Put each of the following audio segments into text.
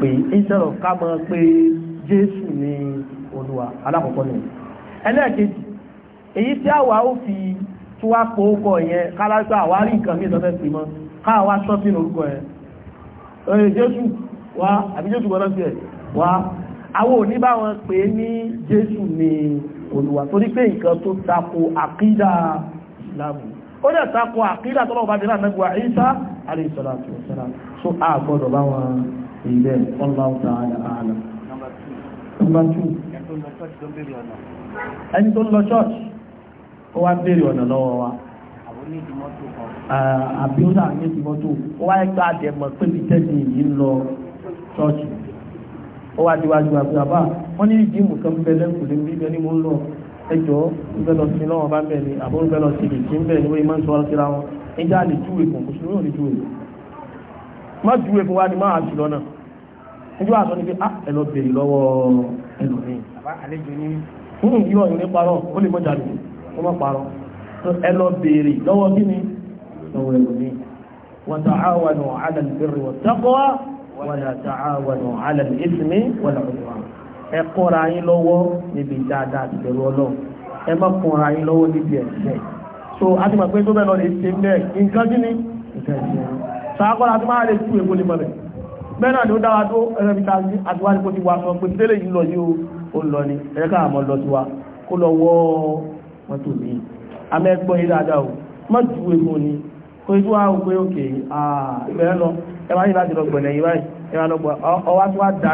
pé instead of ká mọ̀ pé jésù ni olúwa alákọ̀ọ́kọ́ ni ẹlẹ́ẹ̀kejì èyí tí àwa ó fi tí wá pọ̀ ókọ̀ yẹn kálágbà àwárí nǹkan mí ìtọ́fẹ́ pè mọ́ káàwá sọ́fìn orúkọ yẹn ọ̀rẹ́ jésù wá àbí jésù gbọ́dọ̀ sí ẹ̀ wá àwọn òní bá wọn pè é ní jésù ni olúwa torí pé nǹkan tó tako àkídà ìsìlámù ó dẹ̀ tako àkídà tọ́lọ́ sí bẹ́ẹ̀ Allahu ta'ala a'lam. Number two. Ẹni tó lọ ṣọ́ọ̀ṣì, ó wá béèrè ọ̀nà lọ́wọ́ wa. Ah, àbí ó náà ní ìmọ́tò, ó wá ẹgbẹ́ àdẹ̀mọ̀ pé bí tẹ́sí yìí ń lọ ṣọ́ọ̀ṣì. Ó wá díwájú àgbàbà, wọ́n ní ìdíìmù kan bẹ́lẹ̀ kò lè bí bẹ́ni mo ń lọ ẹjọ́ ìbẹ̀lọ sí lọ́wọ́ bá bẹ̀rẹ̀ àbúrú bẹ̀lọ sí lè jí ń bẹ̀rẹ̀ wọ́n máa ń sọ́rọ̀ síra wọn ẹjá lè júwèé fún kùsùn yóò lè júwèé má júwèé fún wa ni máa jùlọ náà ẹjọ́ àtọ́ ni pé á ah, ẹ̀lọ bèrè lọ́wọ́ ẹlòmíì. ìyọ̀ ìní parọ́ ó lè mọ́jà lòun ó mọ́ parọ́ ẹlọ bèrè lọ́wọ́ kí ni lọ́wọ́ ẹlòmíì. wọ́n ta àwọn ọ̀nà àlẹ́ ìbẹ̀rẹ̀ wọ́n níbi dáadáa ti ọlọ́run ẹ má lọ́wọ́ níbi ẹ̀ṣẹ̀. so a ti mọ̀ pé tó bẹ́ẹ̀ lọ lè ṣe ń bẹ́ẹ̀ nǹkan kí ni. sàkọ́ra tó máa lè tú èkó ní mọ́lẹ̀ bẹ́ẹ̀nà ni ó dára tó ẹ̀rẹ́bíta àtiwá ní kó ti wá sọ pé tẹ́lẹ̀ yìí lọ yóò ó lọ ní ẹ̀rẹ́ká àmọ́ lọ ti wá kó lọ wọ́ mọ́tò mi amẹ́gbọ́ yìí dáadáa o má ju epo ni kó ojú wa pé òkè ìbẹ̀rẹ̀ lọ ẹ máa ní láti lọ gbọ̀nà yìí báyìí ẹ máa lọ gbọ̀ ọwá tí wàá dá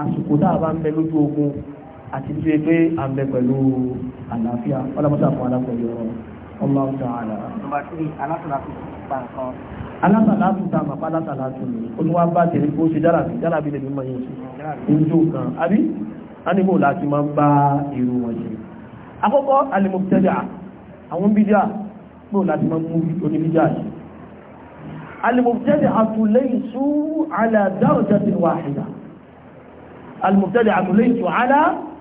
àsìkò tá bá ń bẹ lójú ogun àti tí pé a bẹ pẹ̀lú àlàáfíà ọlọ́mọdé fún alápẹ̀lú ọ̀rọ̀ Allahu ta'ala. alásàlátù tá a mọ̀ pálásàlátù ni olúwa bá tẹ̀lé kó ṣe dára bí dára bí lè mímọ̀ yẹn sí ojú kan àbí ánìbò láti máa ń bá irú wọn ṣe. akọ́kọ́ alimọ̀tẹ́dà àwọn bídíà gbọ́ láti máa mú oníbídíà ṣe.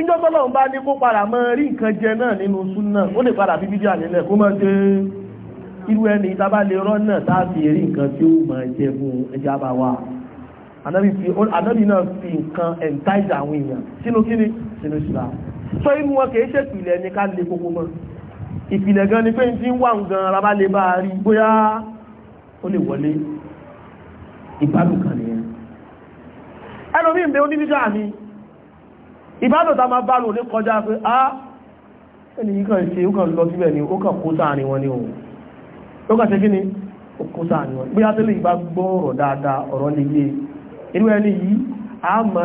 níjọ́ tọ́lọ́run bá ní kó padà mọ́ rí nǹkan jẹ náà nínú súnà ó lè padà bíbí díà nílẹ̀ kó máa ṣe irú ẹni ìtaba lè rán náà táàfi rí nǹkan tí ó máa jẹ fún ẹja bá wa anábì náà fi nǹkan ẹ̀ntáìdà àwọn èèyàn sínú kíni sínú ìṣúra sọ inú ni pé ń ti ń ìbálòta ma bá lò ní kọjá pé a ẹni yíká ṣe ó kàn lọ síbẹ̀ ni ó kàn kó sáàrin wọn ni ohun ó kàn ṣe kí ni ó kó sáàrin wọn bí átẹ́lẹ̀ ìbá gbọ́ ọ̀rọ̀ dáadáa ọ̀rọ̀ lè yé irú ẹni yìí a ma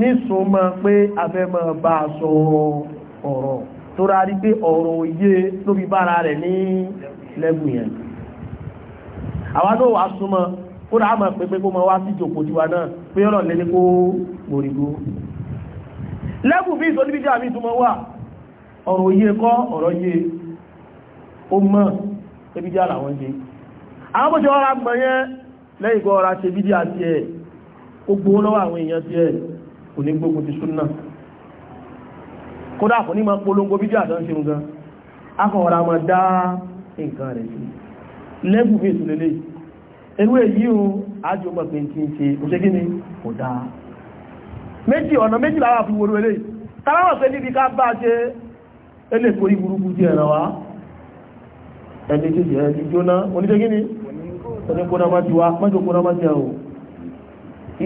ní súnmọ́ pé abẹ́ ma bá a sọ ọ̀rọ̀ tó rárí pé ọ̀rọ̀ òye ló fi bára rẹ̀ ní lẹ́gùn yẹn àwọn náà wà súnmọ́ lẹ́bùn bí ìsọ́lú bídí àmì ìtumọ̀ wà ọ̀rọ̀ yé kọ́ ọ̀rọ̀ yé o mọ́ pé bídí àlàwọn ṣe àwọn bó ṣe ọ̀rọ̀ àgbọ̀n yẹn lẹ́yìn kọ́ ọ̀rọ̀ ṣe bídí àti ẹ̀ ó gbówó lọ́wọ́ àwọn èèyàn ti ẹ̀ kò ní gbógun ti súnà kódà kò ní máa polongo bídí àdán ṣe nǹkan akọ̀ọ̀rọ̀ àmọ́ dá nǹkan rẹ̀ sí lẹ́bùn bí ìsúlélé irú èyí o ájú ọgbà pé ti ń ṣe òṣèkíní kò dáa méjì ọ̀nà méjì lára fi wo lórí tàbáwọ̀ pé níbi ká bá ṣe eléko ìgbùrúgbù jẹ́ ẹ̀rọ wá ẹni tí jẹ́ ẹni jóná oníṣẹ́gíní oníkóná má ti wá mọ́jọ kóná má jẹ́ o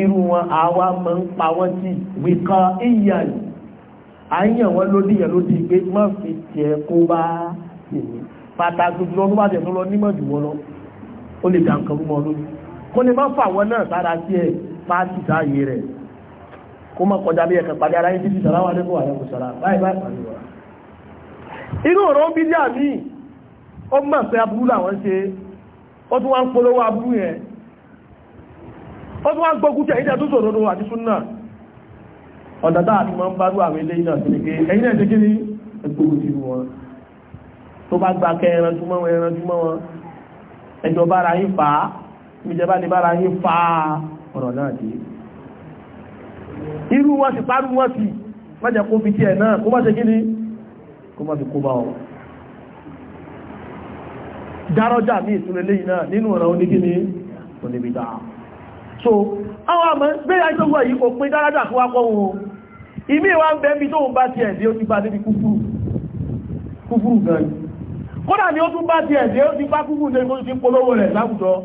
irú wọn àwa mọ́ ń pa wọ́n tí wíkan ìyà àyàn wọn ló dìyàn ló di pé má fi tiẹ̀ kó fà wọn náà sára sí ẹ̀ pàtì rẹ̀ kó mọ́ kọjá bí ẹ̀kàn padà ara yín títí sàláwà lẹ́kọ̀ọ́ àrẹ́kù sàlá báyìí báyìí pàdé wà inú ọ̀rọ̀ ń bí díà mí ó mọ̀ pé aburú làwọn ṣe ó tún wá ń polówó aburú yẹn àwọn ilé iná sí ẹ̀yìn náà kí ni ẹgbógun ti wọn tó bá gba kẹ ẹran túmọ̀ wọn ẹran túmọ̀ wọn ẹjọ́ bára yín fà á ni bára yín fà ọ̀rọ̀ náà dé irú wọ́n sì parú wọ́n sì mọ́jẹ̀ kó fi tiẹ̀ náà kó má ṣe kí ni kó má fi kó bá ọ dárọ́jà ní ìtúnlẹ̀ lẹ́yìn náà nínú ọ̀nà oníkíní oníbìdá so àwọn àmọ́ gbé àìsọ́gbọ̀ yìí kò pín dárọ́jà fún wákọ́ ohun ìmí wa ń bẹ́ bí tó ń bá ti ẹ̀dẹ́ ó ti bá débi kúfúrú gan kódà ni ó tún bá ti ẹ̀dẹ́ ó ti bá kúfúrú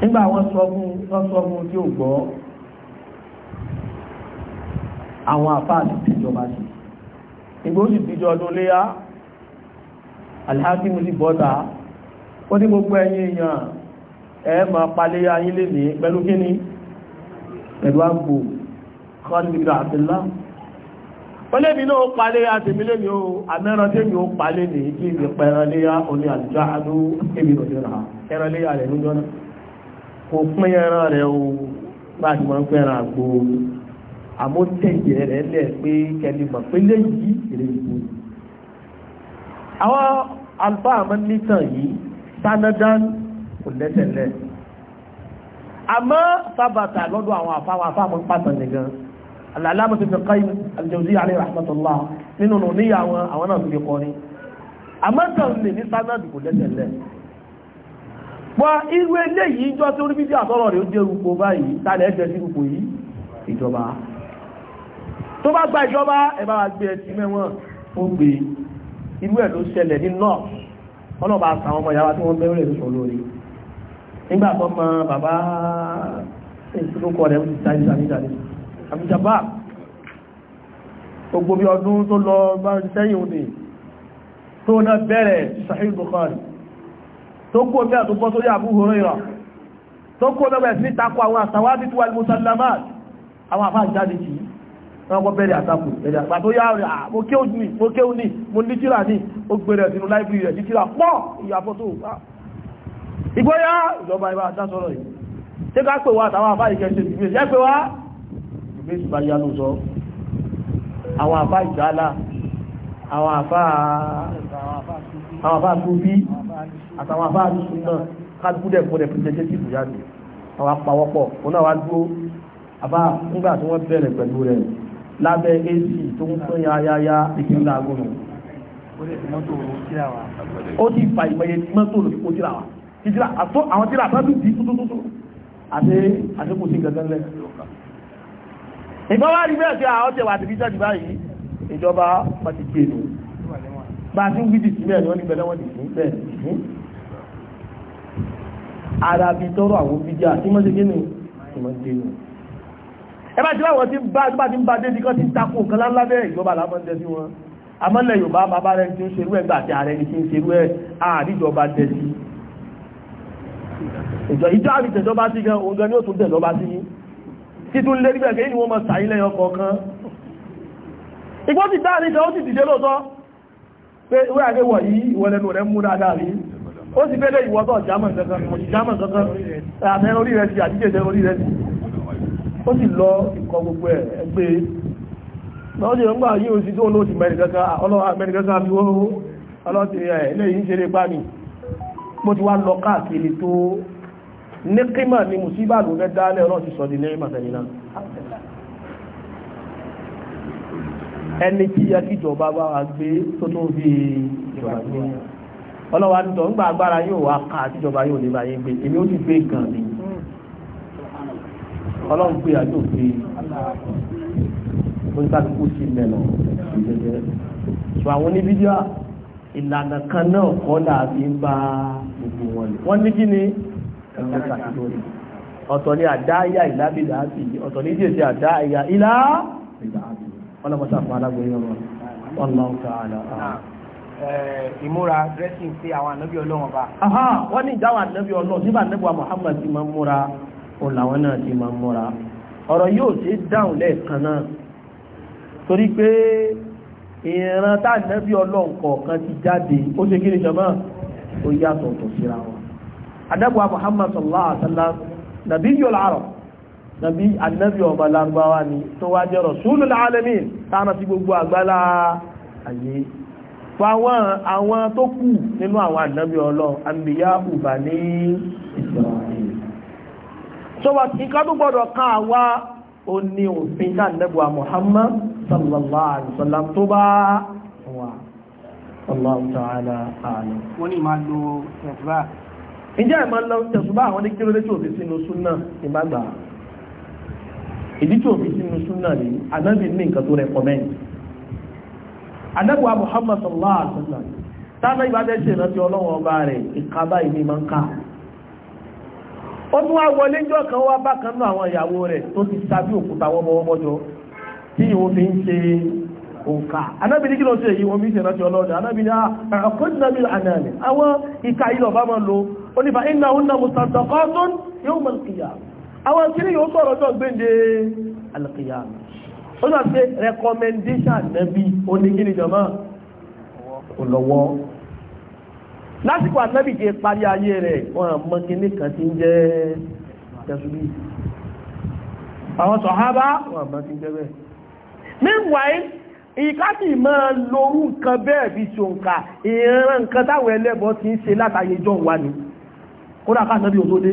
nígbà wọn sọ fún wọn sọ fún tí ò gbọ́ àwọn àfáàdì tí ìjọba sí ìgbó sì bíjọ ọdún léyá alhakimu sí bọ́ta ó ní gbogbo ẹ̀yin èèyàn ẹ ma palẹ̀ ayé lè ní pẹ̀lú kíní pẹ̀lú àgbò kọ́nìyàn àtìlá pẹ̀lẹ́bí náà palẹ̀ ni ó amẹ́ran tí èmi ó palẹ̀ ní kí ìpẹ̀rànlẹ́yà oní àjọ́ àdó èmi kò pín ẹran rẹ̀ o bá a ti máa ń pín ẹran àgbo àmótẹ́jẹ rẹ̀ lẹ̀ pé kẹ́lí mọ̀ pé léyìí èrè ìbò ni. àwọn alfa àmọ́ nítàn yìí sanadan kò lẹ́sẹ̀lẹ̀ àmọ́ sábàtà lọ́dọ̀ àwọn àfáwọn àfáwọn pàtàn nìkan alàlámà tó fi káyí rahmatullah nínú níyàwọn àwọn náà tó fi kọrin àmọ́ tàn lè ní sanad pọ́ irú ilé yìí jọ tó rí bídí àtọ́rọ̀ rẹ̀ ó dé rúpo báyìí tààlẹ̀ ẹ̀jẹ̀ sí rúpo yìí ìjọba tó bá gba ìjọba ẹ̀bá wa gbé ẹtì mẹ́wọ̀n ó gbé irú ẹ̀ ló ṣẹlẹ̀ ní north ọlọ́ba àtàwọn ọmọ ìyáwá tí wọ́n bẹ̀rẹ̀ lóṣọ lórí nígbà tó mọ bàbá ìsìnkú rẹ̀ ó ti ta ìsàmìjàdé àmìjàbá gbogbo bí ọdún tó lọ bá sẹ́yìn òní tó náà bẹ̀rẹ̀ Sahih Bukhari tó kó mẹ́ tó bọ́ sórí Abu Hurairah tó kó mẹ́gbẹ̀ sí takọ àwọn àtàwádìí tó wà ní musallamat àwọn àfáà jáde kìí wọ́n kọ́ bẹ̀rẹ̀ àtakò ẹ̀dẹ̀ àgbà tó yá rẹ̀ ah, mo kéò ní mo kéò ní mo ní tíra ní ó gbẹ̀rẹ̀ sínú láìpì rẹ̀ títíra pọ̀ ìyàfọ́ tó ah. wà ìgbóyá ìjọba àwọn àfáà tóbi àtàwọn àfáà tuntun náà kájúkúdẹ̀ fún representative jáde àwọn apawọ́pọ̀ òun náà wá dúró àbá nígbà tí wọ́n bẹ̀rẹ̀ pẹ̀lú rẹ̀ lábẹ́ ac tó ń pín yáyáyá ìpínlẹ̀ agolo ó ti fa ìmọ̀ye mọ́tò lórí kó tíra wa títíra àtọ́ àwọn tíra àtọ́ bí tutututu àti àti kò sí gẹ́gẹ́ lẹ́ ìbáwá rí bẹ́ẹ̀ tí àwọn tẹ̀wà àti bíjá jù báyìí ìjọba wọ́n ti gbé nù bá tí ń gbídì sí bẹ́ẹ̀ ni wọ́n ní bẹ̀rẹ̀ wọ́n ti fún bẹ́ẹ̀ ara bí tọ́rọ àwọn bíjà tí mọ́ sí gínú ìmọ̀ gínú ẹbá tí wọ́n ti bá ti ń bá dédí kan ti takò kan lábẹ́ ìjọba lábọ́ndẹ́ sí wọn amọ́lẹ̀ Yorùbá bàbá rẹ̀ tí ó ṣerú ẹ̀ gbà àti ààrẹ ni tí ń ṣerú ẹ̀ àríjọba tẹ̀ sí ìjọ ìjọ àrìtẹ̀jọba sí gan òun gan ni ó tún tẹ̀ lọ́ba sí títún mọ̀ sàílẹ̀ ọkọ̀ kan igbó ti dáàrí kan ó sì dìde lóòtọ́ pé ìwé àgbéwọ̀ yìí ìwọ̀lẹ́nu rẹ̀ mú dáadáa rí ó sì fẹ́lẹ̀ ìwọ́tọ̀ german kankan mọ̀sí german kankan àmẹ́ orí rẹ̀ sí àdíjẹ́ orí rẹ̀ sí ó sì lọ ìkọ gbogbo ẹ̀ ẹgbẹ́ lọ́dí ọgbà yí o sí tó ah, ah, ló ti mẹ́rìnkankan fi wọ́n ọlọ́tí ilé yìí ń ṣeré pa mi mo ti wá lọ káàkiri tó ní kímà ni musíbà ló fẹ́ dálẹ̀ ọlọ́tí sọ ẹni tí yẹ kí ìjọba bá wà gbé tó tó fi ìjọba ọlọ́wà ń tọ́ ńgbà agbára yóò wá ká àtijọba yóò lè báyé gbé èmi ó sì gbé gan ni ọlọ́run gbé àjò gbé oníkàlùkù sí mẹ́lọ ìjẹjẹ sọ àwọn oníbídíà ìlànà kan náà kọ́ dàbí ń bá gbogbo wọn lè wọ́n ní kí ni ẹ̀rọ kàkiri ọ̀tọ̀ ni àdáyà ìlàbìlà àti ọ̀tọ̀ ní jèjì àdáyà ìlà ìlà ọlọ́mọta fún alágbèrè ọ̀rọ̀ ọlọ́run tààlà ìmúra dressing sí àwọn ànábí ọlọ́run bá. wọ́n ní ìdáwọn ànábí ọlọ́run nígbà ànábí Muhammad ti máa ń múra òun làwọn náà ti máa ń múra ọ̀rọ̀ yóò ṣe dáhùn lẹ́ẹ̀kan náà torí pé ìran tá ànábí ni jọmọ́ ó yàtọ̀ ọ̀tọ̀ síra Muhammad sallallahu alaihi wasallam nàbí yóò láàrọ̀ nàbí ànábì ọba lárúbáwá ni tó wá jẹ́ rasulul alamin tánà sí gbogbo àgbálá ayé fáwọn àwọn tó kù nínú àwọn ànábì ọlọ́run àmìyá ùbà ní Israel so wà ìká tó gbọ́dọ̀ ká wá ó ní òfin tánàbíwá Muhammad sallallahu alaihi wasallam tó bá wà Allah ta'ala ààrẹ. Wọ́n ni máa lo tẹ̀sùbá. Ìjẹ́ ìmọ̀ lọ tẹ̀sùbá àwọn ní kí ló lé tí ò ìdí tí òfin sínú súnà ní anábì ní nǹkan tó rẹkọmẹ́ǹd anábì wa muhammad sallallahu alaihi wa sallam táná ìbá bẹ́ẹ̀ ṣe ìrántí ọlọ́wọ́n ọba rẹ̀ ìka báyìí ní máa ń kà ó tún wá wọlé jọ kan wá bákan náà àwọn ìyàwó rẹ̀ tó ti sábí òkúta wọ́mọwọ́mọ́jọ tí ìwọ́n fi ń ṣe òǹkà anábì ní kí lọ sí èyí ṣe náà mùsàtọ̀kọ́ tó àwọn kiri yóò sọ̀rọ̀ tó gbéǹde alìkìyà ó náà ṣe recommendation nẹ́bí onígiri jọmọ́ olówó lásìkò àtẹ́bì kí parí ayé rẹ̀ wọ́n mọ́ kíní kan tí ń jẹ́ tẹ̀sùbí àwọn sọ̀hábá wọ́n mọ́ tí ń jẹ́ bẹ́ẹ̀ meanwhile ìkásì mọ́ lórú nǹkan bẹ́ẹ̀ bí ṣòǹkà ìran nǹkan táwọn ẹlẹ́bọ ti ń ṣe látàyé jọ wà ní kódà káàkiri òtó dé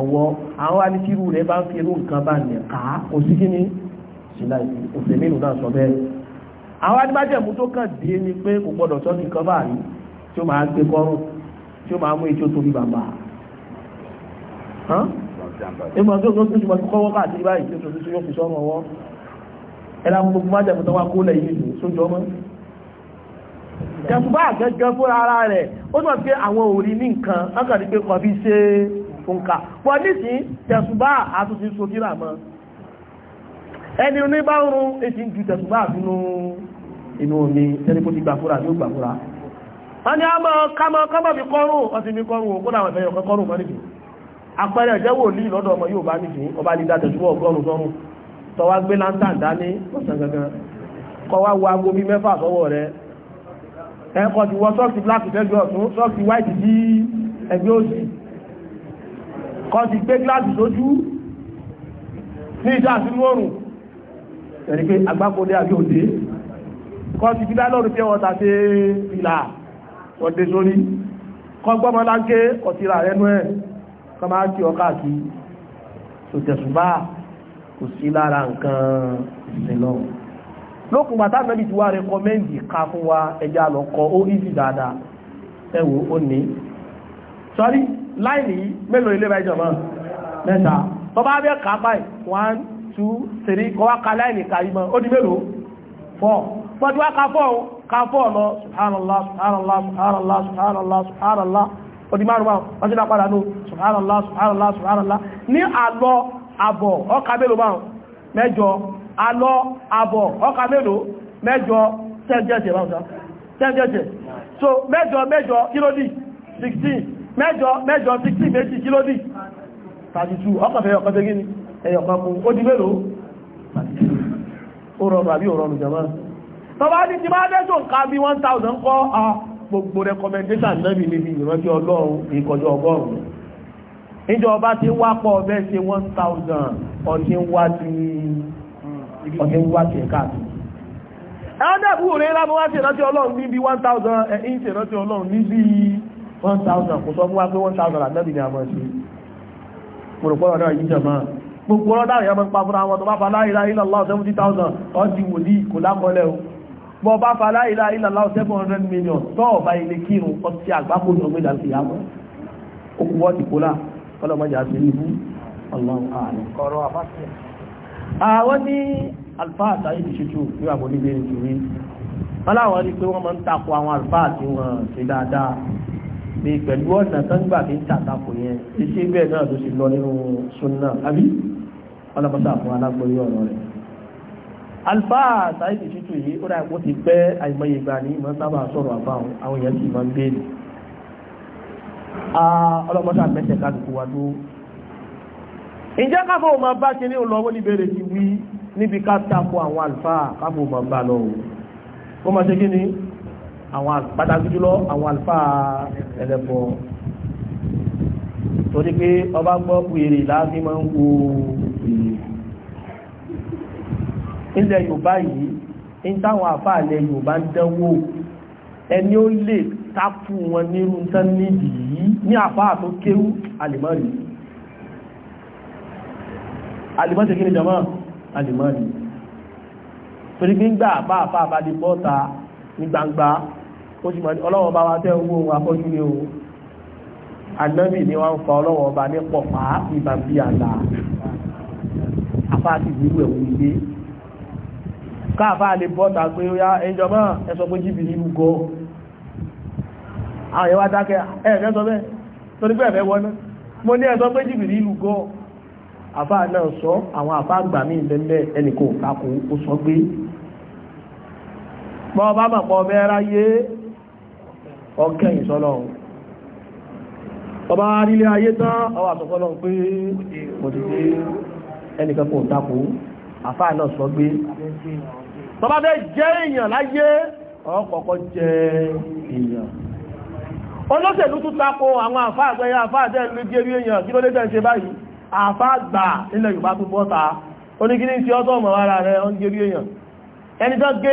ọwọ́ àwọn alìkírù rẹ̀ bá ń fi irú nǹkan bá nì ká kò sí kí ni ṣìlá òfèmínú náà sọ bẹ́ẹ̀ àwọn adìbájẹ̀mú tó kàn dé ni pé kò gbọdọ̀ sọ nìkan bá rí tí ó máa gbé kọ́rùn tí ó máa mú ijó torí bàbá ìmọ̀ tó tó túnṣùmọ̀ tó kọ́wọ́ káàkiri báyìí tó tó yóò fi sọ́rọ̀ ọwọ́ ẹ̀lá gbogbo májẹ̀mú tó wá kó lẹ̀ yìí sójọ́ mọ́ jẹ̀sùbá àgẹ́gẹ́ fúnra ara rẹ̀ ó mọ̀ pé àwọn òrí ní nǹkan lákàrí pé kọfí ṣe é ń pọ̀ nísìn tẹ̀sùbá àtúnṣe sókírà mọ́ ẹni ní bá ń rún èsì ju tẹ̀sùbá àbínú inú omi tẹ́lẹ̀ ti fúra yóò gbà wọ́n ni a mọ́ kámọ́ kámọ́ fi kọ́rùn ọtí mi kọ́rùn kan ti gbé gíláàsì sójú ní ìjà sínú òrùn ẹ̀rí pé agbákòdé àbí òde kan ti gbígbá lọ́rùn pé wọ́n ta ṣe ìlà ọdẹ sórí kan gbọ́mọ́ láńké ọ̀tìrà rẹnu ẹ̀ kan máa kí ọkà sí sòtẹ̀sùbá kò sí lára nǹkan ìsìnlọ́ lókùn bàtà mẹ́bí ti wá rẹkọmẹ́ndì ká fún wa ẹja lọ́kọ́ ó ìsì dáadáa ẹ̀wò ó ní sọ́rí láìní mélòó ilé báyìí jọmọ́ mẹ́ta tó bá bẹ́ kàá báyìí one two three kọ́ wá ka láìní ka yìí mọ́ ó di mélòó four pọ̀jù wá ka four ka four lọ subhanallah subhanallah subhanallah subhanallah subhanallah ó di márùn-ún wọ́n ti dá padà nù subhanallah subhanallah subhanallah ní àlọ́ àbọ̀ ọkà mélòó máa mẹ́jọ alọ́ àbọ̀ ọkà mélòó mẹ́jọ tẹ́jẹ́jẹ́ so mẹ́jọ mẹ́jọ kí ló dì 16 mẹ́jọ mẹ́jọ sí sí méjì kí ló dì tàbítù ọkànfẹ́ ọkàn tẹ́gí ni ẹ̀yọ̀kan mú ó di mélòó ó rọrùn àbí òrọrùn jàmá tọba ní ti máa dẹ́jọ nǹkan bí 1000 kọ́ a gbogbo recommendation náà níbi ìrántí ọlọ́run ìkọjọ ọgọ́rùn one thousand kò sọ fún wa pé one thousand àtẹ́bì ni a mọ̀ sí pòròpọ̀rọ̀ náà yìí jẹ̀mọ́ gbogbo ọ̀dá ìyá mọ́ ń pa fúnra wọn tó bá fa la ilaha illallah seventy thousand ọdí wòlíì kò lákọlẹ̀ o bọ́ bá fa la ilaha illallah seven hundred million tọ́ ọ̀bá ilé kírun ọtí àgbákò ní ọgbẹ́dà sí yàmọ́ okùn wọ́n ti kólà ọlọ́mọdé àti bí pẹ̀lú ọ̀nà sọ́ngbà fi ń tàtàkù yẹn iṣẹ́ bẹ́ẹ̀ náà tó ṣe lọ nínú sunna àbí ọlọ́pàá àfún alágbóyé ọ̀rọ̀ rẹ̀ alfa sáyẹ́dì ṣítù yìí ó dáa kó ti pẹ́ àìmọye ìgbà ní ìmọ̀ sábà sọ̀rọ̀ àbáwọn àwọn èèyàn sì máa ń béèrè ọlọ́pàá mẹ́sẹ̀ kálukú wa tó ǹjẹ́ káfọ́ ọmọ bá ṣe ní olọ́wọ́ níbẹ̀rẹ̀ alfa káfọ́ ọmọ bá lọ ó máa ṣe kí àwọn pàtàkì jùlọ àwọn àlùfáà ẹlẹ́bọ torí pé ọba gbọ́ wèrè láti máa ń wo wèrè ilẹ̀ yorùbá yìí ń táwọn àfáà ilẹ̀ yorùbá ń dánwò ẹni ó lè tápù wọn nírú tán nídì yìí ní àfáà tó kéwú alìmọ́rì alìmọ́tẹ̀ kí ni jọmọ́ alìmọ́rì ó sì mọ̀ ní ọlọ́wọ́ bá wa tẹ́ owó ohun ní o anábì ni wọ́n ń fa ọlọ́wọ́ bá ní pọ̀pá ìbá bí àlà afáàtì ìlú ẹ̀wù ilé káàfáà lè bọ́ta pé ó yá ẹjọba ẹsọ pé jìbì nínú gọ àwọn mo ní ẹsọ pé jìbì nínú gọ àfáà náà sọ àwọn àfáà gbà mí ìbẹ́ńbẹ́ ẹnìkan ò kákò ó sọ ọba mọ̀ pọ̀ bẹ́ẹ̀ ọkẹ́yìn sọ́lọ́ ọba arílé ayé tán ọwà àtọ̀kọ́lọ́ pé kò ti pé ẹnìkan kò dákò àfáà náà sọ gbé tọba bẹ́ jẹ́ èèyàn láyé ọkọ̀ọ̀kọ́ jẹ́ èèyàn olóṣèlú tún tako àwọn àfáà àgbẹ̀yà àfáà jẹ́ lójú eré èèyàn kí ló lé jẹ́ ṣe báyìí àfáà gbà nílẹ̀ Yorùbá tó bọ́ta oníkíní ti ọ́tọ̀ ọmọ ara rẹ̀ ọ́n gẹ́rí èèyàn ẹni tán gé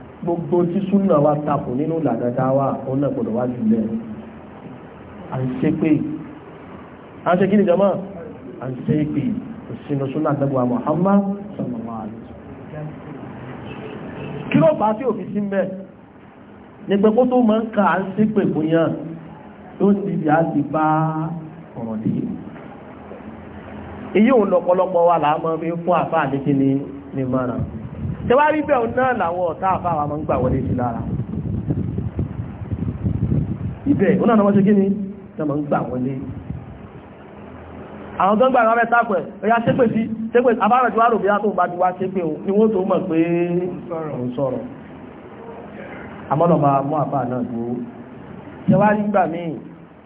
gbogbo tí súnà wa takò nínú ìlànà dáwà òun náà gbọdọ̀ wá jù à ń ṣe pé à ń ṣe kí ni jama à ń ṣe pé òṣìṣẹ́ súnà àtẹ́gbọ̀wá Muhammad sallallahu alaihi wasallam kí ló bá tí òfin sí mẹ́ nígbà kó tó máa ń ka à ń ṣe pé bóyá tó ń di ìyá ti bá ọ̀rọ̀ dé èyí òun lọ́pọ̀lọpọ̀ wa làá máa fi fún àfáà ní kí ni ní mara tẹwàá rí bẹ́ẹ̀ náà làwọn ọ̀tá àfáwà máa ń gbà wọlé sí lára ibẹ̀ òun náà wọ́n ṣe gíní tẹ́ máa ń gbà wọlé àwọn tó ń gbà rárẹ́ ni wọ́n tó mọ̀ pé ń sọ̀rọ̀ àmọ́nà máa mú àfá náà dúró tẹwàá rí gbà míì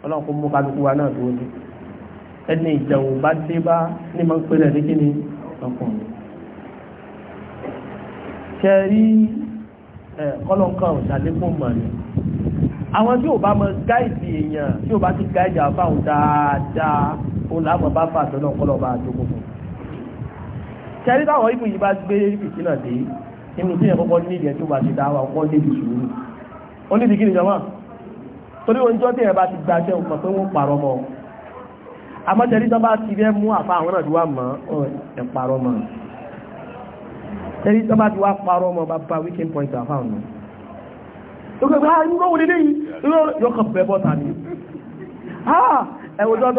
ọlọ́run kó mú kálukú wa náà dúró ní ẹni ìjẹun bá dé bá ní máa ń pẹ́lẹ̀ ní kíni ọkùnrin kẹrí kọ́lọ́nkà ọ̀sàlékún mọ̀ ni àwọn tí ò bá mọ gáìdì èèyàn tí ò bá ti gáìdì àfáhùn dáadáa ó láàmú bá fà sọ́nà kọ́lọ́ba àdógógún kẹrí táwọn ibù yìí bá gbé fìtínà dé inú tí yẹn kọ́kọ́ nídìí ẹ̀ tí ó bá ti dá wa kọ́ débi sùúrù ó nídìí kí ni jọmọ́ torí oúnjẹ tí yẹn bá ti gbaṣẹ́ òkàn pé wọ́n pààrọ̀ mọ́ àmọ́ tẹ̀lé tó bá ti rẹ́ mú àfa àwọn náà dúwà mọ́ ẹ̀ pààrọ̀ mọ́ ẹ̀rí tó bá ti wá parọ́ ọmọ bàbá weekend point àfáàn náà tó kẹ́ bá ah, irúgbó wò lélẹ́yìn yọkọ̀ bẹ́ bọ́ta ni ẹ̀wọ̀jọ́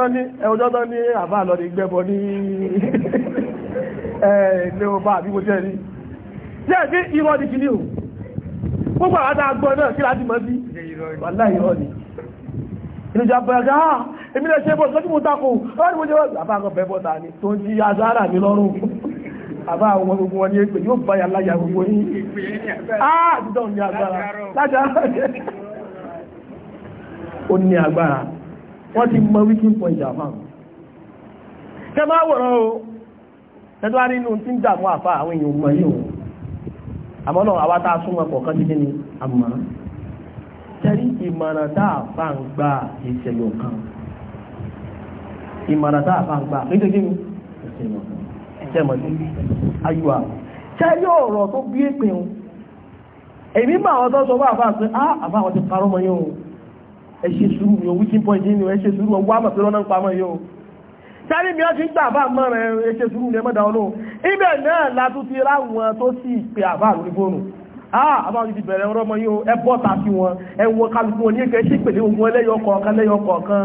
tán ní àbá lọ ní gbẹ́bọ ní ẹ̀ẹ́lẹ́wọ̀bá àbí jẹ́ rí jẹ́ sí irọ́ ní kìíní o púpọ̀ àti àgbọ̀n náà kí àbá àwọn gbogbo wọn ní èpè yóò bá yà láyà gbogbo yín àtijọ́ ah, ní agbára lájà ó ní agbára wọ́n ti mọ wíkí pọ̀ ìjàmà kẹ máa wòrán o ẹ̀tọ́ àrínú tí ń dàmú àfá àwọn èèyàn mọ̀ yíò àmọ́ náà àwátá súnmọ́ kọ̀ọ̀kan dídí ni àmọ́ tẹ́rí ìmọ̀ràn dáàfà ń gba ìṣẹ̀yọ̀ kan ìmọ̀ràn dáàfà ń gba nítorí ìṣẹ̀yọ̀ kan tẹ́mọ̀lẹ́ ayúwà tẹ́ yóò rọ̀ tó bí èpè o èmi mà àwọn tó sọ bá àfáà pé á àfáà wọn ti parọ́ mọ́ yóò ẹ ṣe sùúrù mi ò wíkí pọ́ìntì ni ẹ ṣe sùúrù ọwọ́ àmọ̀ pé lọ́nà ń pamọ́ yóò sáré mi ọtí ń gbà bá mọ́ra ẹ ṣe sùúrù ní ẹmọ́dà ọlọ́run ibẹ̀ náà látún ti ráwọn tó sì pé àfáà lórí fóònù àbáwọn ti bẹ̀rẹ̀ ọ̀rọ̀ mọ́ yóò ẹ bọ́ta sí wọn ẹ wọ kálukú oníkẹ́ ṣípèlé ogun ẹlẹ́yọkọ̀ọ̀kan lẹ́yọkọ̀ọ̀kan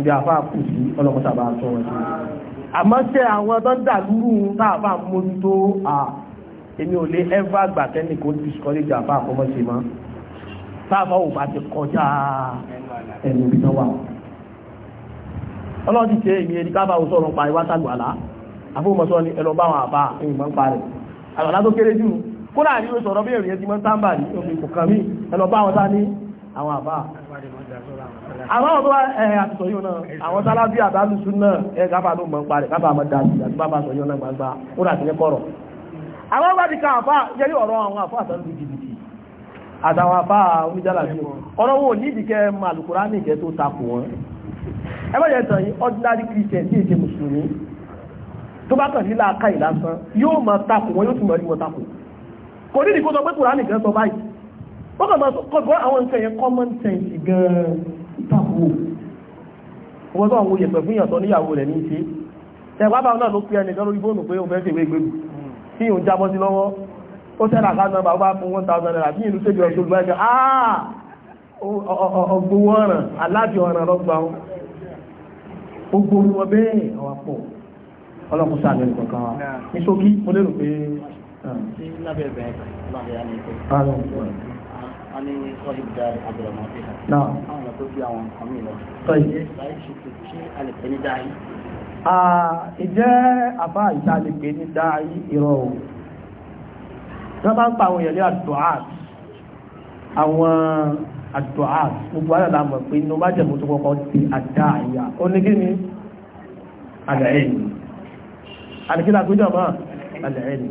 ibi àfáà kù sí ọlọ́pọ̀tà bá tọ́ wọn sí àmọ́ ṣe àwọn tó ń dà lúrù táàfà mójútó à èmi ò lè ẹ́fà gbà tẹ́nì kó discourage àfáà kọ́mọ́ sí mọ́ táàfà ò bá ti kọjá ẹnu ibi náà wà ọlọ́dún ṣe èmi ẹni káàbà ò sọ̀rọ̀ pa iwá sàgbàlá àfọwọ́mọsọ ni ẹlọ bá wọn àbá ìmọ̀ ń parẹ̀ àgbàlá tó kéré àwọn ọ̀tọ́ àtìsọ̀ yóò náà àwọn sálábí àtàlùsù náà ẹ káfà ló mọ̀ ń parẹ̀ káfà mọ̀ dájú àti bábá sọ yóò náà gbangba ó rà sí ní kọ̀rọ̀ àwọn bá ti ka àfá yẹ́rí ọ̀rọ̀ àwọn àfá àtàlù jìbìtì àtàwọn àfá oníjàlá ọ̀rọ̀ wo ní ìdíkẹ́ màlùkùrá ní tó takò wọn ẹ bá yẹ tàn yí ordinary Christian tí èsè mùsùlùmí tó bá kàn sí láàká ìlàsán yóò máa takò wọn yóò tún mọ̀ rí wọn takò kò ní ìdíkó sọ pé kùrá common sense gan wò ọmọ tó ń wo yẹ̀pẹ̀ fún ìyàtọ̀ níyàwó rẹ̀ ní ṣe ẹ̀wà bá náà ló pé ẹnìkan lórí fóònù pé ó fẹ́ fèwé gbèrú tí ìhùn jábọ́ sí lọ́wọ́ ó sẹ́dà ká nọ́mbà ó bá fún 1000 naira bí ìlú ṣèjọ ìṣòro bá ẹgbẹ́ ah ọgbowó ọ̀ràn aláàbí ọ̀ràn lọ́gbà ó gbogbo wọn bẹ́ẹ̀ ọwà pọ̀ ọlọ́kùn sáà lẹ́nu kankan wa ní ṣókí mo lérò pé wọ́n ní sọ́ọ̀lì ìjà àbẹ̀rẹ̀ mọ́ fi hàn. náà àwọn ọ̀nà tó fi àwọn nǹkan mi lọ. sọ́ọ̀lì ṣe àlèpé ní dáa yìí. ìjẹ́ àbá ìjà àlèpé ní dáa yìí irọ́ o. tí wọ́n bá ń pa àwọn èèyàn ní àdùáàt àwọn àdùáàt gbogbo àyà la mọ̀ pé inú bá jẹ̀mú tó kọ́kọ́ ti àdá àyà ó ní kí ni àlẹ́yìn àdìkílà péjọ mọ́ àlẹ́yìn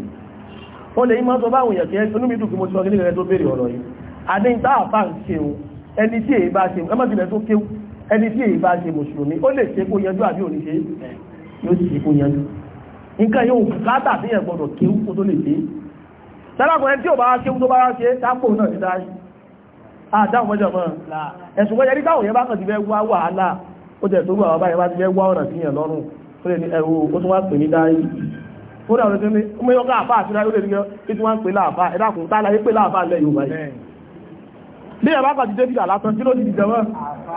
ó lè yí máa sọ báwọn èèyàn kẹ́ inú mi dùn mo sọ kí ní tó béèrè ọ̀rọ̀ yìí àdé ń táà fà ń ṣe o ẹni tí èyí bá ṣe ẹ mọ́ tilẹ̀ tó kéwú ẹni tí èyí bá ṣe mùsùlùmí ó lè ṣe kó yanjú àbí òní ṣe yóò ṣe kó yanjú nǹkan yóò látà sí ẹ̀ gbọ́dọ̀ kéwú kó tó lè ṣe sálákùnrin tí ò bá kéwú tó bá ṣe tápò náà ti dáṣe àdáhùn mọ́jọ̀ mọ́ ẹ̀sùn wọ́n yẹ nígbà òyìnbá kan ti fẹ́ wá wàhálà ó tẹ̀ tó gbà wà bá ti fẹ́ wá ọ̀nà sí yẹn lọ́rùn ó lè ní ẹ̀rù ó tún wá pè ní dáyé fúnra ọ̀rẹ́ tó ní ọmọ yọ̀ọ́ káàfà àti ráyọ́ lè ní kí tí wọ́n ń pè láàfà ẹ̀dàkùn tá láyé pè láàfà lẹ́ Yorùbá bí ẹ̀bá kọ̀ jíjẹ́ bídà lásán kí ló ti dìjẹ́ mọ́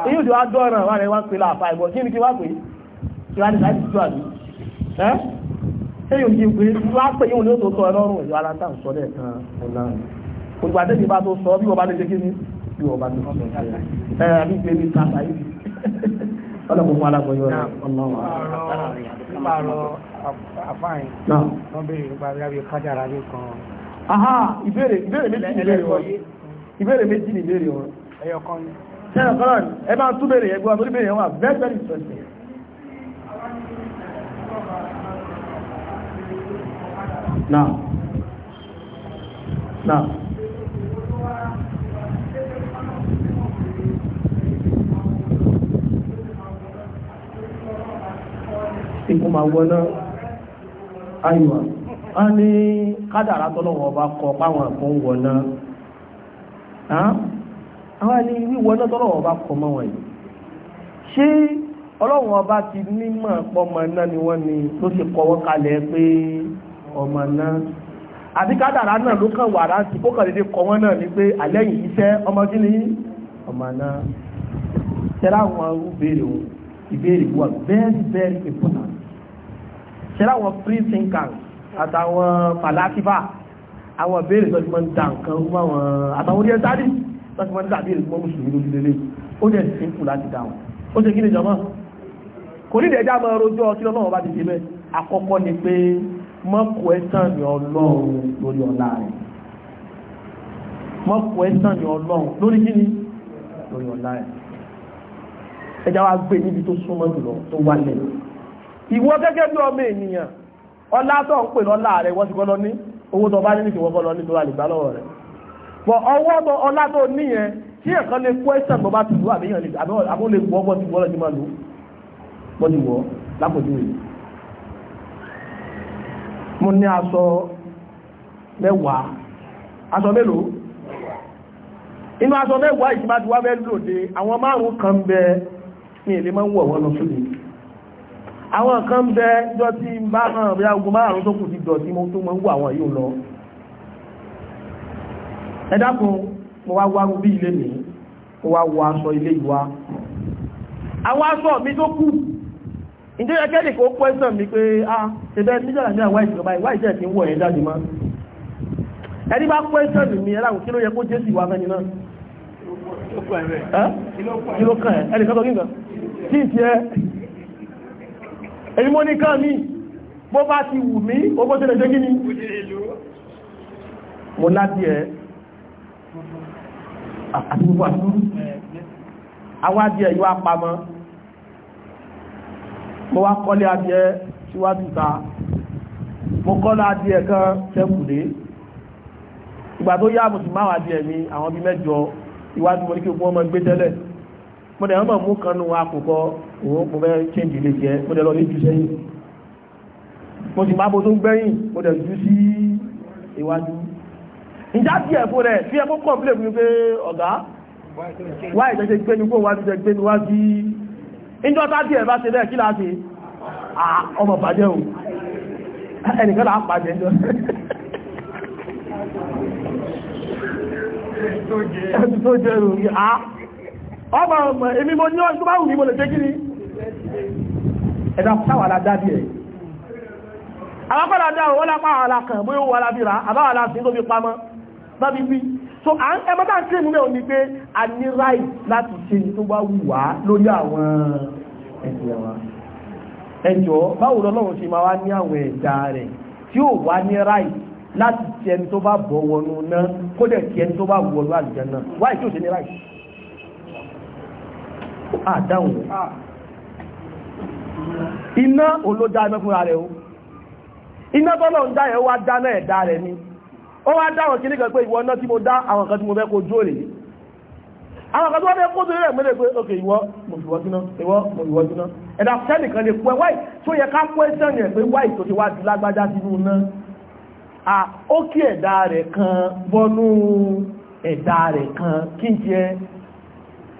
èyí ò ti wá dọ́ràn wà rẹ̀ wá pé láàfà ìbọ̀ kí ni kí wá pé kí wá ní láti tó àbí ẹ́ èyí ò ti pé wá pé yóò ní ó tó sọ ẹlọ́rùn ìlú aláta ń sọ lẹ́ẹ̀kan ọ̀la ògbà tẹ́bi bá tó sọ bí wọ́n bá lè ṣe kí ni bí wọ́n bá tó sọ ẹ̀ àbí pé mi ta sáyé ọlọ́pọ̀ fún alágbọ̀yọ́ rẹ̀ ọlọ́wọ́ àrọ̀ àfáàyìn wọ́n béèrè nípa bí kájára ló kan. ìbéèrè ìbéèrè méjì ní ìbéèrè wọn ẹyọkan ní ṣẹ́nà kan now now ikú ma wọ́n náà ayùwà a ní kádàrá tọ́lọ́wọ́ ọba kọ páwọn ẹ̀kọ́ ń náà àwọn ẹni wíwọ náà tọ́lọ̀ ọba kọ mọ́ wọn yìí ṣé ọlọ́run ọba ti nímọ̀ pọ́mọ náà ni wọ́n ni ló ṣe kọ́wọ́ kalẹ̀ pé ọmọ náà àti kádàrá náà ló kàn wà láti ó kàn dédé kọ́ wọ́n náà ni pé àlẹ́yìn iṣẹ́ ọmọ kí ni ọmọ náà ṣẹlá àwọn arúgbèrè òun ìbéèrè wà very very important ṣẹlá àwọn free thinkers àtàwọn fàlàkìfà àwọn ìbéèrè tó ti máa ń da nǹkan rú mọ́ àwọn àtàwọn orí ẹ̀sáàdì tó ti máa ń dàbí èrè mọ́ mùsùlùmí lójú lélẹ̀ ó dẹ̀ ti ń kù láti dà wọ́n ó ṣe kí ni jọmọ́ kò ní ìdẹ̀já máa rojọ́ kí lọ́nà ọba ti ṣe bẹ́ẹ̀ àkọ́kọ́ ni pé mọ́kù ẹ̀sán ni ọlọ́run lórí ọ̀la rẹ̀ mọ́kù ẹ̀sán ni ọlọ́run lórí kí ni lórí ọ̀la rẹ̀ ẹja wa gbé níbi tó súnmọ́ jùlọ tó wálẹ̀ ìwọ gẹ́gẹ́ bí ọmọ ọlá tó ń pè lọ́la rẹ̀ wọ́n ti kọ́ ní owó tó bá ní ìṣòwò bọ́lọ ní ìṣòwò àlìgbà lọ́wọ́ rẹ̀ pọ̀ ọwọ́ tó ọlá tó níyẹn tí ẹ̀kan lè kó ẹ̀sẹ̀ tó bá ti lù àbíyàn lè àbó lè wọ́ bọ́ ti wọ́ lọ́jú máa lò bọ́ ti wọ́ lápòjú rẹ̀ mo ní aṣọ mẹ́wàá aṣọ mélòó inú aṣọ mẹ́wàá ìṣẹ́ bá ti wá fẹ́ lòde àwọn márùn-ún kan bẹ ní èlé máa ń wọ̀ wọ́n lọ sóde àwọn kan bẹ jọ tí ń bá hàn bí agogo márùn tó kù ti dọ̀ tí mo tó mọ́ ń wà wọn yóò lọ ẹ dákun mo wá wá bí ilé mi mo wá wọ aṣọ ilé ìwá àwọn aṣọ mi tó kù ìdíyẹ kẹ́lì kó pọ́ ẹ̀sàn mi pé a ah, ṣẹbẹ́ níjọ́lá ní àwọn ìjọba ìwá ìjẹ́ ti ń wọ̀ ẹ̀ jáde mọ́ ẹni bá pọ́ ẹ̀sàn mi ẹláwọ̀ kí ló yẹ kó jésì wá fẹ́ni náà kí ló kàn ẹ̀ ẹnìkan tó kí nǹkan kí ìṣẹ́ èyí mo ní kán mi bó bá ti wù mí owó tó lè ṣe kí ni mo láti ẹ̀ àti gbogbo àtúrú àwọn adìẹ yíwá pamọ́ mo wá kọ́lé adìẹ síwájú ta mo kọ́lé adìẹ kan sẹ́kùlé ìgbà tó yá mo sì máa adìẹ mi àwọn bí mẹ́jọ iwájú mo ní kí ogun ọmọ gbé tẹ́lẹ̀ mọ́dẹ̀ ọmọ mú kanú akùkọ òun kò fẹ́ change ilé jẹ́ mọ́dẹ̀ lọ ní jù sẹ́yìn mo sì máa bó tó gbẹ́yìn mọ́dẹ̀ jù sí iwájú ìjá sí ẹ̀fọ́ rẹ̀ fi ẹ̀fọ́ kọ̀ọ̀pílẹ̀ fún pé ọ̀gá wá ìjẹ́jẹ́ gbé kó wájú jẹ́ gbé níwájú ẹni tó jẹ́ rò rí ọmọ ọmọ emi mo ní ọjọ́ báwù ní mo lè jẹ́ kí ni ẹ̀dà sáwàlá dábí ẹ̀ àwọ́kọ́lá dáwọ̀ wọ́n lápá àwàlá kan bóyá wà lábíra àbáwàlá sí tó fi pamọ́ bábí bí so ẹmọ́ta ń kírìmù mẹ́ òní pé a ní ráì láti ṣe tó bá wù wá lórí àwọn ẹjọ́ báwo lọ́lọ́run ṣe máa wá ní àwọn ẹ̀dá rẹ̀ tí ó wá ní ráì láti ṣe ẹni tó bá bọ̀ wọnú náà kódẹ̀ kí ẹni tó bá wọnú àlùjẹ́ náà wáyé tí ó ṣe ní ráì àdáhùn ah, iná olódá ẹgbẹ́ fúnra rẹ̀ o iná tọ́lọ̀ ń dá ẹ̀ wá dá náà ẹ̀dá rẹ̀ ni ó wá dáwọn kí ní kan pé ìwọ náà tí mo dá àwọn kan tí mo fẹ́ kó jó rèé àwọn kan tó wọ́n fẹ́ kó tó rẹ̀ mẹ́lẹ̀ pé ok ìwọ mo fi wọ́n síná ìwọ mo fi wọ́n síná ẹ̀dà sẹ́nìkan lè pẹ́ wáì tó yẹ ká pẹ́ sẹ́nì ẹ̀ pé wáì tó ti wá di lágbájá sínú náà à ó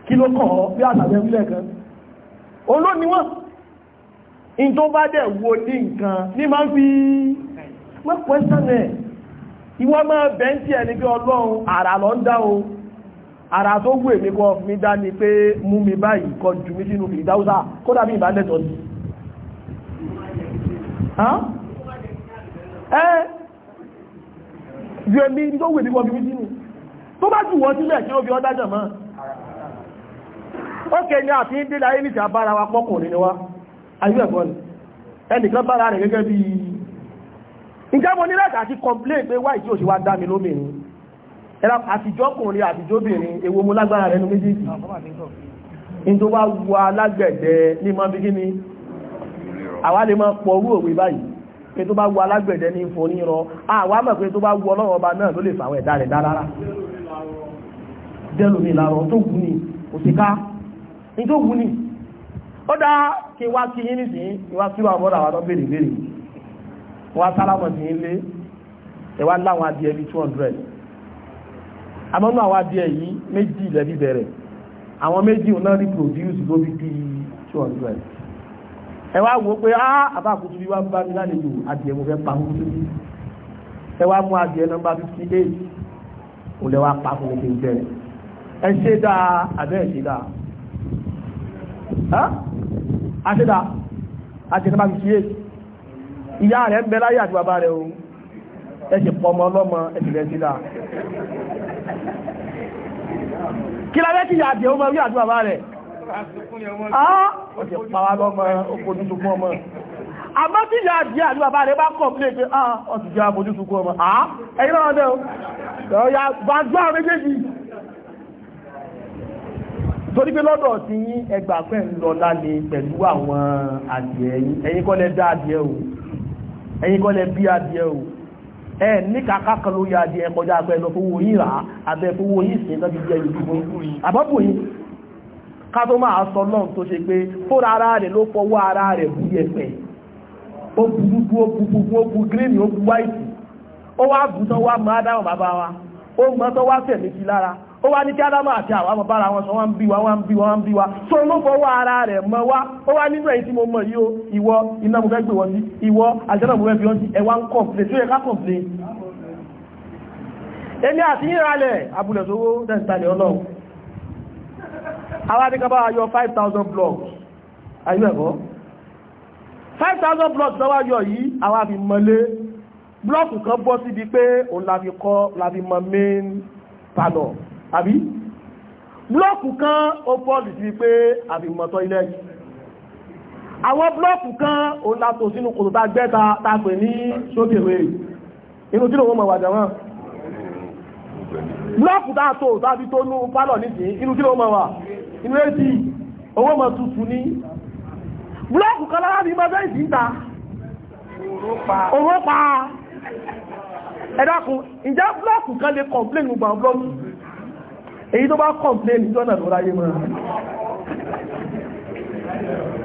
kí ló kọ̀ ọ́ bí àtàbẹ̀ wílẹ̀ kan olóni wọ́n in tó bá dẹ̀ wo ní nǹkan ní máa fi má pẹ́sẹ̀nẹ̀ ìwọ́n máa bẹ́ntì ẹni pé ọlọ́run àrà lọ ń dá o àrà tó wù èmi kọ́ mi dá ni pé mú mi báyìí kọ jù mí sínú fìdí dáúsà kódà bí ìbá lẹ́tọ̀ sí ẹ́ yẹ̀mí tó bá jù wọ́n sílẹ̀ kí ó fi ọ́ dájọ̀ ókènyà àti ìdílà yìí nìtì àbára wa pọ́kùnrin ni wá ayú ẹ̀gbọ́n ni ẹnìkan bára rẹ̀ gẹ́gẹ́ bí ǹjẹ́ mo nílẹ̀ àti complain pé wáyé tí ó ṣe wá dá lóbìnrin ẹ̀rọ àtijọ́kùnrin àtijọ́bìnrin èwo mo lágbára rẹ̀ nu méjèèjì ní tó ní tó wù ní ó dá kí wá kí yín nìsín ìwá sí wà mọ́ra àwọn béèrè béèrè wá sálámọ̀ sí ilé ẹwà láwọn adìẹ bí 200 àmọ́nú àwọn adìẹ yìí méjì lẹ́bí bẹ̀rẹ̀ àwọn méjì ò náà rí produce ló bí bí 200 ẹwà wo pé á àbákùtù bí wá bá ní lálejò adìẹ mo fẹ́ pa mú sí ẹwà mú adìẹ nọ́mbà 58 ò lẹ́wà pa fún mi jẹ́ ẹ ṣe dáa àbẹ́ ẹ̀ ṣe dáa àṣídà àṣìdàmà fi ṣe ìyá rẹ̀ ń bẹ láyé àti bàbá rẹ̀ o ẹ̀ṣì pọmọ ọlọ́mọ ẹ̀ṣìlẹ̀ sídà kí lálẹ́ kí ìyá àdìyàn máa rí àti bàbá rẹ̀ ọ̀ṣì pàwà lọ́mọ okò nínú fún ọmọ àmọ́ tí ìyá àdìyàn àti bàbá rẹ̀ bá kọ̀ pé pé ọ̀ṣì jẹ́ àbójútùkú ọmọ torí pé lọ́dọ̀ tí yín ẹgbà pẹ́ ń lọ lále pẹ̀lú àwọn adìẹ yín ẹ̀yin kọ́ lẹ dá adìẹ o ẹ̀yin kọ́ lẹ bí adìẹ o ẹ ní kàkà kan lórí adìẹ kọjá pẹ́ lọ fowó yín rà abẹ́ fowó yín sìn tọ́jú bí ẹyìn fún àbọ́bù yín ká tó máa sọ lọ́n tó ṣe pé ó wá ní kí ádámà àti àwọn àmọ̀bára wọn sọ wọ́n ń bí wa wọ́n bí wa wọ́n bí wa so ló fọwọ́ ara rẹ̀ mọ́ wá ó wá nínú ẹ̀yìn tí mo mọ̀ yìí o ìwọ iná mo fẹ́ gbé wọn sí ìwọ àjẹ́nà mo fẹ́ fi wọn sí ẹ̀wà ń kọ̀m̀plé tí ó yẹ ká kọ̀m̀plé èmi àti yíranlẹ̀ blocks ayú ẹ̀kọ́ 5000 blocks lọ́wọ́ yọ blocks kan bọ́ síbi pé òun la fi kọ́ la fi mọ́ main panel àbí blọ́ọ̀kù kan ó pọ́ọ̀lù sí pé àbìmọ̀tọ́ ilẹ̀ àwọn blọ́ọ̀kù kan ó látò sínú kòtò tá gbẹ́ta tàpẹ̀ ní sókèwé inú tí lòun mọ̀ wàjà wọn blọ́ọ̀kù tá tó tàbí tó ní pálọ̀ nìsín inú tí lòun mọ̀ wà inú èsì owó mọ̀ tuntun ní blọ́ọ̀kù kan lára ní mọ́fẹ́ ìsìnta owó pa ẹ̀dàkùn ìjẹ́ blọ́ọ̀kù kan lè kọ̀m̀plẹ̀ èyí tó bá kọ̀m̀plẹ́nì jọ́nà ló ráyé mọ́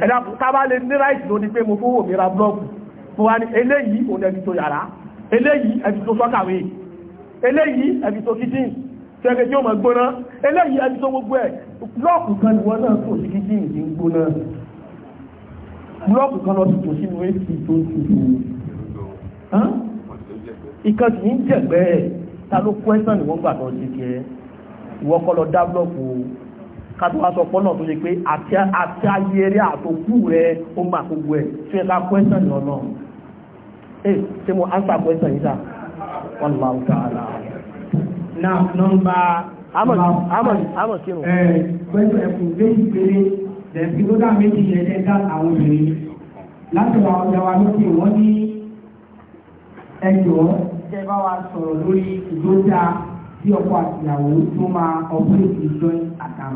ẹ̀dà tàbá lè ní ráìtì ló ní pé mo fówó mi ra blọ́ọ̀gù mo wá ní eléyìí òun ẹbí tó yàrá eléyìí ẹbí tó sọ́kàwé eléyìí ẹbí tó kíjìn tẹ́gẹ́ tí ó mọ̀ gbóná eléyìí ẹbí tó gbogbo ẹ̀ blọ́ọ̀kù kan ìwọ náà tó sí kíjìn ìdí ń gbóná blọ́ọ̀kù kan lọ sí tó sínú èsì tó ń tutù ìkan kì í jẹ̀gbẹ́ ta ló kú ẹ̀sán ni wọ́n gbà lọ sí kẹ́ ìwọ́ kọ́ lọ dábúlọ̀pù kátówá sọ pọ́nà tó ṣe pé àti ayẹrẹ àtòkù rẹ ó máa gbogbo ẹ̀ tí ẹ ká kwẹ́sàn ní ọ̀nà ẹ̀ tí mo ánsà kwẹ́sàn yìí sà wọ́n lọ àwọn tààlà. náà nọ́mbà àmọ̀ kírun. ẹ kwẹ́sàn ẹ̀kú méjì péré lẹ́sí tó dá méjì yẹn jẹ́ dá àwọn obìnrin láti wà ọjà wa lókè wọ́n ní ẹjọ́ jẹ́ bá wa sọ̀rọ̀ lórí ìdójà tí ọkọ àti ìyàwó tó máa ọpọlọpọ join àkàrà.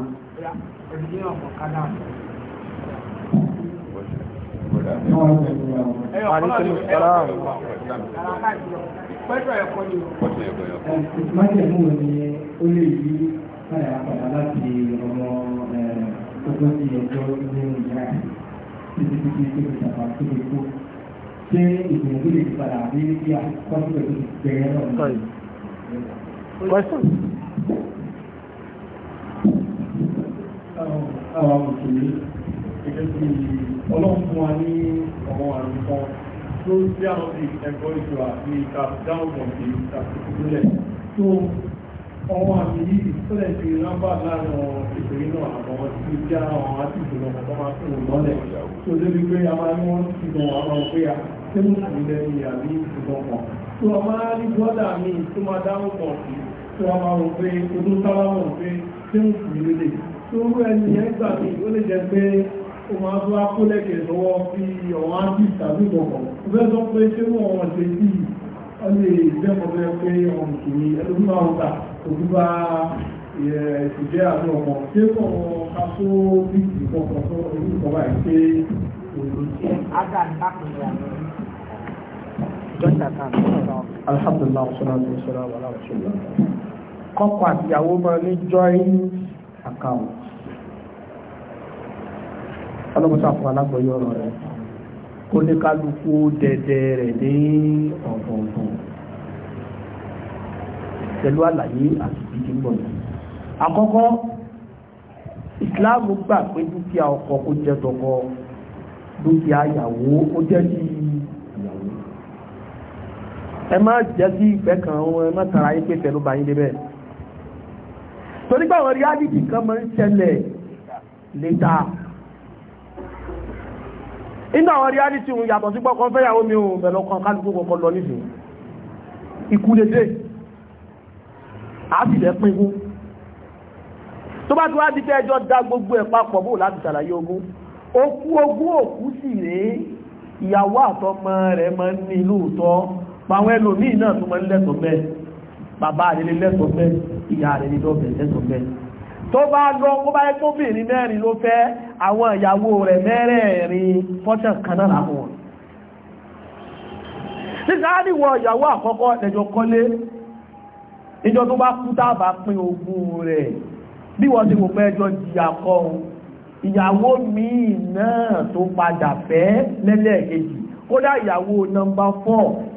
Májẹ̀mú ni ó lè yí padà padà láti ọmọ ọgọ́sí ẹjọ́ ní ìyá títí títí tó fi tàbá tó fi kú. Ṣé ìgbìyànjú lè padà bí bí àkọsílẹ̀ tó ti bẹ̀rẹ̀ náà? question. àwọn òṣèlú gẹ́gẹ́ bí ọlọ́run fún wa ní ọ̀wọ́n àrùn kan tó sí àwọn ti ẹ̀kọ́ ìjọ àti ìta dáhùn ọ̀gbìn ìtàkùn sílẹ̀ tó ọwọ́ àmì yìí sílẹ̀ fi nọ́mbà láàrin àwọn ìpèrí náà àtàwọn tí ó jẹ́ àwọn àti ìṣòro ọ̀pọ̀ máa fún un lọ́lẹ̀ tó débi pé a máa ní wọ́n ti gan àwọn pé a tẹ́lú ìlẹ̀ ìyàbí ìṣòro kan tó a máa rí bọ́dà mi tó máa dáhùn kan tí wọ́n máa wò pé ojú táwa wò pé tí ń fi lélẹ̀ tó ń gbé ẹni yẹn gbà pé ó lè jẹ pé ó máa tó akólẹ̀kẹ̀ lọ́wọ́ bí ọ̀wọ́n á bí tàbí bọ̀kọ̀ ó fẹ́ sọ pé ṣé wọ́n wọ́n ṣe bí ọlẹ́ ìjẹ́mọ̀fẹ́ pé ọmọ kìíní ẹlòmí máa ń gbà ojú bá ìṣìjẹ́ àti ọmọ ṣé wọ́n ká tó bí ìkọ̀kọ̀ tó orí ìkọ̀wá ẹ̀ pé Alhamdulillah, wa salatu wa salam ala rasulillah kọ́kọ́ àti ìyàwó máa ní joint account ọlọ́mọsá fún alágbọ̀yọ́ ọ̀rọ̀ rẹ̀ kó ní kálukú dẹ̀dẹ̀ rẹ̀ ní ọ̀gbọ̀ngbọ̀n pẹ̀lú àlàyé àti ìdí ń bọ̀ àkọ́kọ́ ìsìláàmù gbà pé dúkìá ọkọ kó jẹ́ tọkọ dúkìá ìyàwó ó jẹ́ sí ìyàwó ẹ má jẹ́ sí ìfẹ́ kan ẹ má tara yín pé tẹnu bá yín débẹ̀ torí pé àwọn reality kan máa ń ṣẹlẹ̀ létà inú àwọn reality òun yàtọ̀ sí pọ́kọ́ fẹ́yàwó mi òun bẹ̀rẹ̀ ọkàn kálukú kọ̀ọ̀kan lọ nísìnyí ikú lédè àbìlẹ̀ pín igún tó bá tí wá di tẹ́ẹjọ́ dá gbogbo ẹ̀ papọ̀ bóò láti ṣàlàyé ogún okú ogún òkú sì rèé ìyàwó àtọmọ rẹ̀ máa ń ní lóòótọ́ pàwọn ẹlòmíì náà tó máa ń lẹ́tọ̀ọ́ bẹ́ẹ̀ bàbá àdílé lẹ́tọ̀ọ́ fẹ́ ìyá rẹ̀ ní lọ́bẹ̀ lẹ́tọ̀ọ́ fẹ́ tó bá lọ kó bá ẹkọ́ bèèrè mẹ́rin ló fẹ́ àwọn ìyàwó rẹ̀ mẹ́rẹ̀ẹ̀rin fọ́tẹ̀ kan náà láwọn wọn nígbàáni wọ ìyàwó àkọ́kọ́ ẹjọ́ kọ́lé ìjọ tó bá kú tàbà pín ogún rẹ̀ bí wọ́n ti wò pé ẹjọ́ jìyà kọ́ ìyàwó míì náà tó padà fẹ́ lẹ́lẹ́ẹ̀kejì kódà ìyàwó nọmbà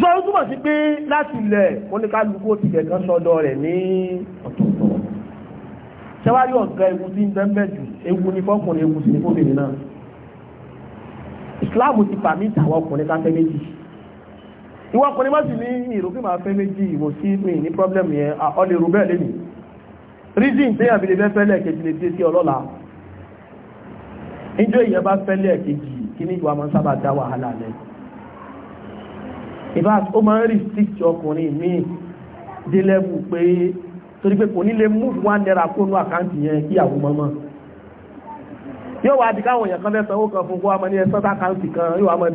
sọ ó túmọ̀ sí pé láti ilẹ̀ oníkálukú ti kẹ̀kan sọ́dọ̀ rẹ̀ ní ọ̀tọ̀ọ̀tọ̀ ṣẹ́wárí ọ̀gá ewu tí ń bẹ́ẹ̀ jù ewu ni fọ́kùnrin ewu sì ní fóbìnrin náà Islam ti fàmí ìtàwọn ọkùnrin ká fẹ́ méjì ìwọ ọkùnrin má sì ní ìròkè máa fẹ́ méjì ìwò sí mi ní problem yẹn ọlẹ́ ìrù bẹ́ẹ̀ lẹ́nu reason tí àbí lè fẹ́ fẹ́lẹ̀ kejì lè dé sí ọlọ́la níjọ́ ìyẹn bá fẹ́lẹ̀ kejì kí ní ìwà máa ń sábà dá wàhálà lẹ́yìn ìbáàtí ó máa ń rí síkì ọkùnrin míì dé lẹ́bù pé torí pé kò ní lè mú wá nẹ́ra kó nú àkáǹtì yẹn kí àwọn mọ́mọ́ yóò wá àdíkáwọn èèyàn kan lẹ́sàn ó kan fún kó àmọ́ ní ẹsọ́ kan yóò wá mọ́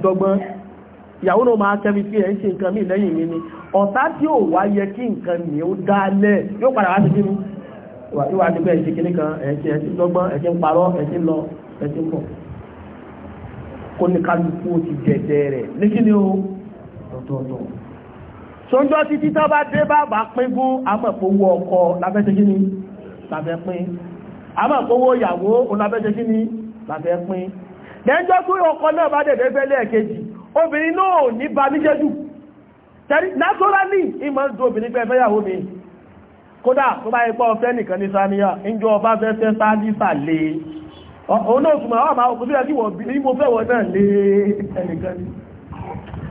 ni ọ̀tá tí ò wá yẹ kí nǹkan ní ó dálẹ̀ yóò padà wá sí kí ìwà àdúgbò ẹ̀ṣẹ̀ kìíní kan ẹ̀ṣẹ̀ ẹ̀ṣẹ̀ dọ́gbọ́n ẹ̀ṣẹ̀ ń parọ́ ẹ̀ṣẹ̀ ń lọ ẹ̀ṣẹ̀ ń bọ̀ kó ní kálukú ọ̀tọ̀ọ̀tọ̀ sóńjọ́ títí tó bá dé bàbá pín fún amọ̀pọ̀wọ́ ọkọ lábẹ́sẹ̀ kí ni lábẹ́ pín amọ̀pọ̀wọ́ ìyàwó olábẹ́sẹ̀ kí ni lábẹ́ pín lẹ́jọ́ tó ọkọ náà bá dẹ̀dẹ̀ fẹ́lẹ̀ kejì obìnrin náà ní ba níjẹ́jù naturally ìmọ̀ ń do obìnrin pẹ́ fẹ́yàwó mi kódà tó bá ipọ́ ọ̀fẹ́ nìkan ní sáníyà ìjọ ọba fẹ́ fẹ́ sáníṣà lè òun náà túnmọ̀ àwọn àmà òkú sí ẹ̀kí wọ̀n bí mo fẹ́ wọ́n náà lè ẹnìkan ni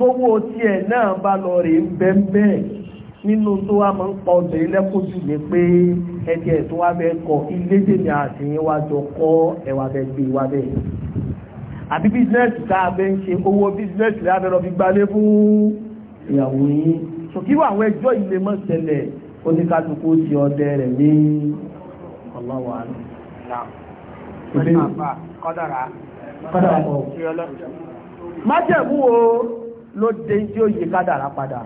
tówó tiẹ̀ náà bá lọ rè ń bẹ́ẹ̀ bẹ́ẹ̀ nínú tó wá máa ń pa obìnrin lẹ́kùn jù ní pé ẹ̀jẹ̀ tó wá bẹ́ẹ̀ kọ ilé tèmi àti yín wá jọ kọ́ ẹ̀wà bẹ́ẹ̀ gbé wá bẹ́ẹ̀ àbí bísínẹ́sì tá a bẹ́ ń ṣe owó bísínẹ́sì lábẹ́ lọ fi gbalé fún ìyàwó yín o. ló dé tí ó yí kádàrá padà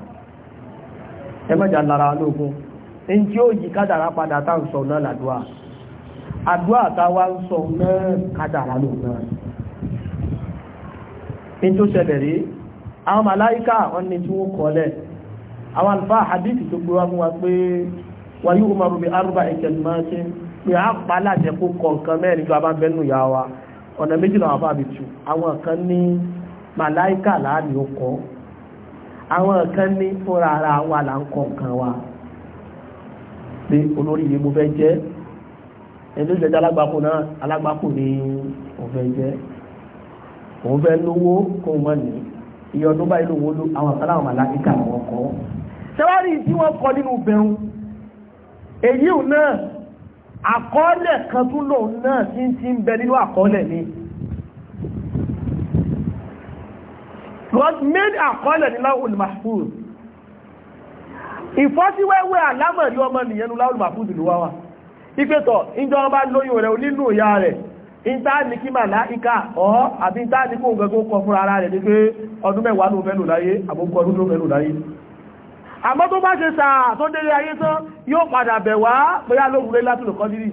ẹmẹ́jà lára lógún ní tí ó yí kádàrá padà tá ń sọ náà làdúà àdúà táwa ń sọ náà kádàrá lò ní tó ṣẹlẹ̀ rí àwọn màláíkà wọn ni tí wọ́n àwọn alfa hadithi tó gbé wá mú wa pé máa rúbi arúgbà ìkẹlùmọ́sí pé a pa kọ̀ọ̀kan mẹ́rin a bẹ́nu ìyá wa ọ̀nà méjìlá wà àwọn kan ní màláìkà láàrin ọkọ̀ àwọn kan ní fúnra ara wa là ń kọ́ nǹkan wa pé olórí yìí mo fẹ́ jẹ́ ẹni tó jẹ́ alágbàkú náà alágbàkú ni mo fẹ́ jẹ́ òun fẹ́ lówó kó mọ̀ ní iye ọdún báyìí lówó ló àwọn kan láwọn àwọn kọ́ sẹ́wárí tí wọ́n kọ nínú bẹ̀rù èyí náà àkọọ́lẹ̀ kan tún lòun náà ti ń bẹ nínú àkọọ́lẹ̀ ni. God made àkọọ́lẹ̀ ní láwùl mahfuz ìfọ́síwẹ́wẹ́ àlámọ̀rí ọmọ nìyẹn ní láwùl mahfuz ló wá wà ìpẹ́tọ̀ ìjọba lóyún rẹ̀ onínú ìyá rẹ̀ ìtaàní kí màá láìka ọ́ àbí ìtaàní kó gẹ́gẹ́ kọ fún ara rẹ̀ ní pé ọdún mẹ́wàá ló fẹ́ lò láyé àbúkọ ọdún ló fẹ́ lò láyé àmọ́ tó bá ṣe sàá tó délé ayé tán yóò padà bẹ̀ wá bóyá lóòrùn lẹ́látùlù kọ́dírì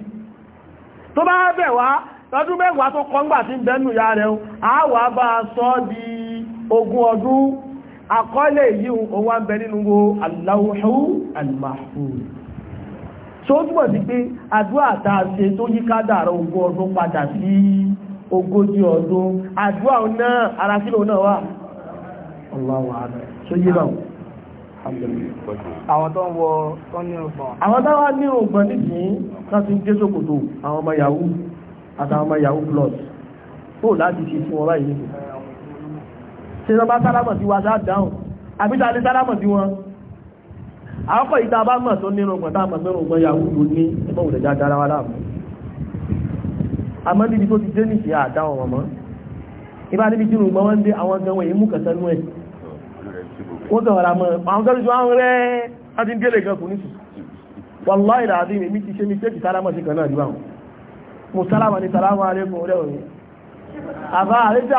tó bá bẹ̀ wá lọ́dún mẹ́wàá tó kọ́ngbà tí ń bẹ́nu ya rẹ̀ àwọ̀ bá sọ́ di ogún ọdún àkọọ́lẹ̀ yìí ó wá ń bẹ nínú wo aláwòhù almahfuz so ó túnbọ̀ sí pé àdúrà tá a ṣe tó yí kádàrá ogún ọdún padà sí ogójì ọdún àdúrà náà ara sílò náà wà Allahu akbar so yí náà àwọn tó ń wọ tó ní ọgbọ̀n àwọn tó wá ní ọgbọ̀n nìsín láti jẹ́ sókòtò àwọn ọmọ yahoo àtàwọn ọmọ yahoo plus tó láti ṣe fún ọlá ìlú ṣe sọ bá sálámọ̀ sí wa sá dáhùn àbíta ní sálámọ̀ sí wọn àkọ́kọ́ ìta bá mọ̀ tó nínú ọgbọ̀n táàmọ̀ mẹ́rùn ọgbọ̀n yahoo ló ní ẹgbọ́n òlẹ̀já dára wa láàmú àmọ́ níbi tó ti dé nìṣẹ́ àdáwọn ọmọ ìbá níbi tí rùgbọ́n wọ́n dé àwọn gan wọ̀nyí mú kẹsẹ̀ ẹ̀ wọ́n kàn mi ti mi ṣéèkì sálámọ̀ sí kan náà jùlọ mo sálámọ̀ ní sálámọ̀ alẹ́kùn rẹ̀ òní àbá àrẹ́sẹ̀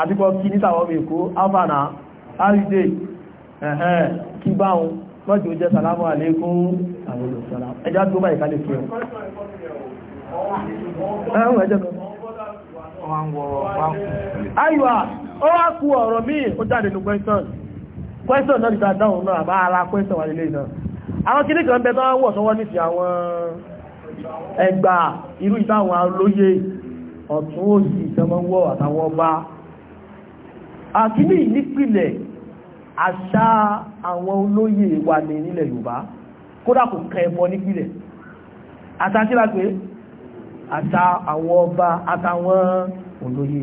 àbíkọ́ kí ní tàwọn èkó afana àrídé ẹ̀hẹ́n kí bá wọn lọ́jọ́ jẹ́ sàlámù àlékún àwọn olùsọ́lá ẹjá tó bá ìkálẹ̀ kí Ayùwà, ó wá kú ọ̀rọ̀ míì, ó jáde ní question. Question náà ìgbà dáhùn náà, bá ara question wà nílé náà. Àwọn kìí kan bẹ tán wọ̀ sọ́wọ́ nìsì àwọn ẹgbà irú ìtàwọn olóyè ọ̀tún òsì ìtẹ́mọ́wọ́ àtàwọn ọba àkíní nípìlẹ̀ àṣà àwọn olóyè wà ní nílẹ̀ Yorùbá kódà kò kẹ ẹbọ nípìlẹ̀ àṣà kí lápé àṣà àwọn ọba àtàwọn olóyè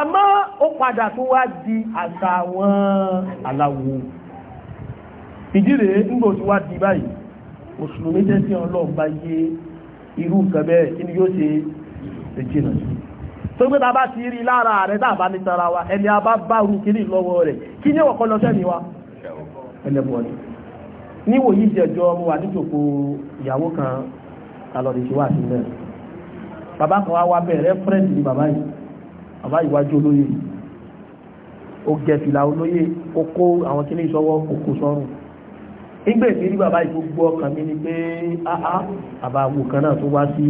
àmọ́ ó padà tó wá di àṣà àwọn aláwo ìdíre ńgbò tí wá di báyìí mùsùlùmí jẹ́ sí ọlọ́ọ̀bá yé irú nǹkan bẹ́ẹ̀ inú yóò ṣe ìjìnà sí tó gbé ta bá ti rí lára rẹ̀ tàbá ní tara wa ẹni a bá bá rú kí ní lọ́wọ́ rẹ̀ kí ní ọ̀kọ́ lọ́sẹ́ ni wa ẹlẹ́bọ̀ọ́lì níwò yìí jẹjọ mo wà níjòkó ìyàwó kan alọ́dẹ ṣe ni bàbá yìí bàbá yìí wájú olóyè ó gẹ fìlà olóyè ó kó àwọn kíní ìṣọwọ́ òkú sọ́rùn rí bàbá yìí ọkàn mi ni pé áá bàbá àwòkan náà tó wá sí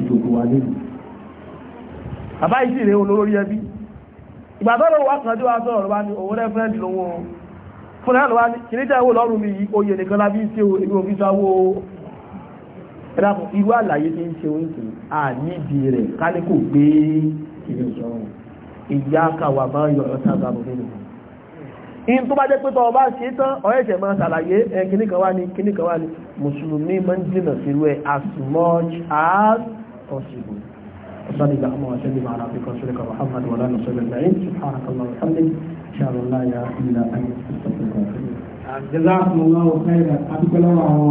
ìjòkó wa lẹ́nu bàbá yìí sì rẹ̀ olórí ẹbí ìgbàtọ́rọ̀ wà kan tí wá sọ̀rọ̀ bá ní owó rẹ́fẹ́rẹ́dì lówó fún ẹ̀rọ wá ní kìí jẹ́ owó lọ́rùn mi oyè nìkan lábí tí ó ibi òfin sáwó ẹ̀dàkùn irú àlàyé tí ń ṣe oúnjẹ àníbi rẹ̀ kálíkò gbé ìyá kàwà bá yọ ọ̀tá gbàmù nínú in tó bá jẹ́ pé tọ́ọ̀bá ṣe tán ọ̀rẹ́ ìṣẹ̀ máa ṣàlàyé ẹ kìníkan wá ní kìníkan wá ní mùsùlùmí máa ń dìnà sí rẹ̀ as much as possible صلى اللهم وسلم على عبدك ورسولك محمد وعلى اله وصحبه اجمعين سبحانك اللهم وبحمدك اشهد ان لا اله الا انت استغفرك واتوب اليك جزاكم الله خيرا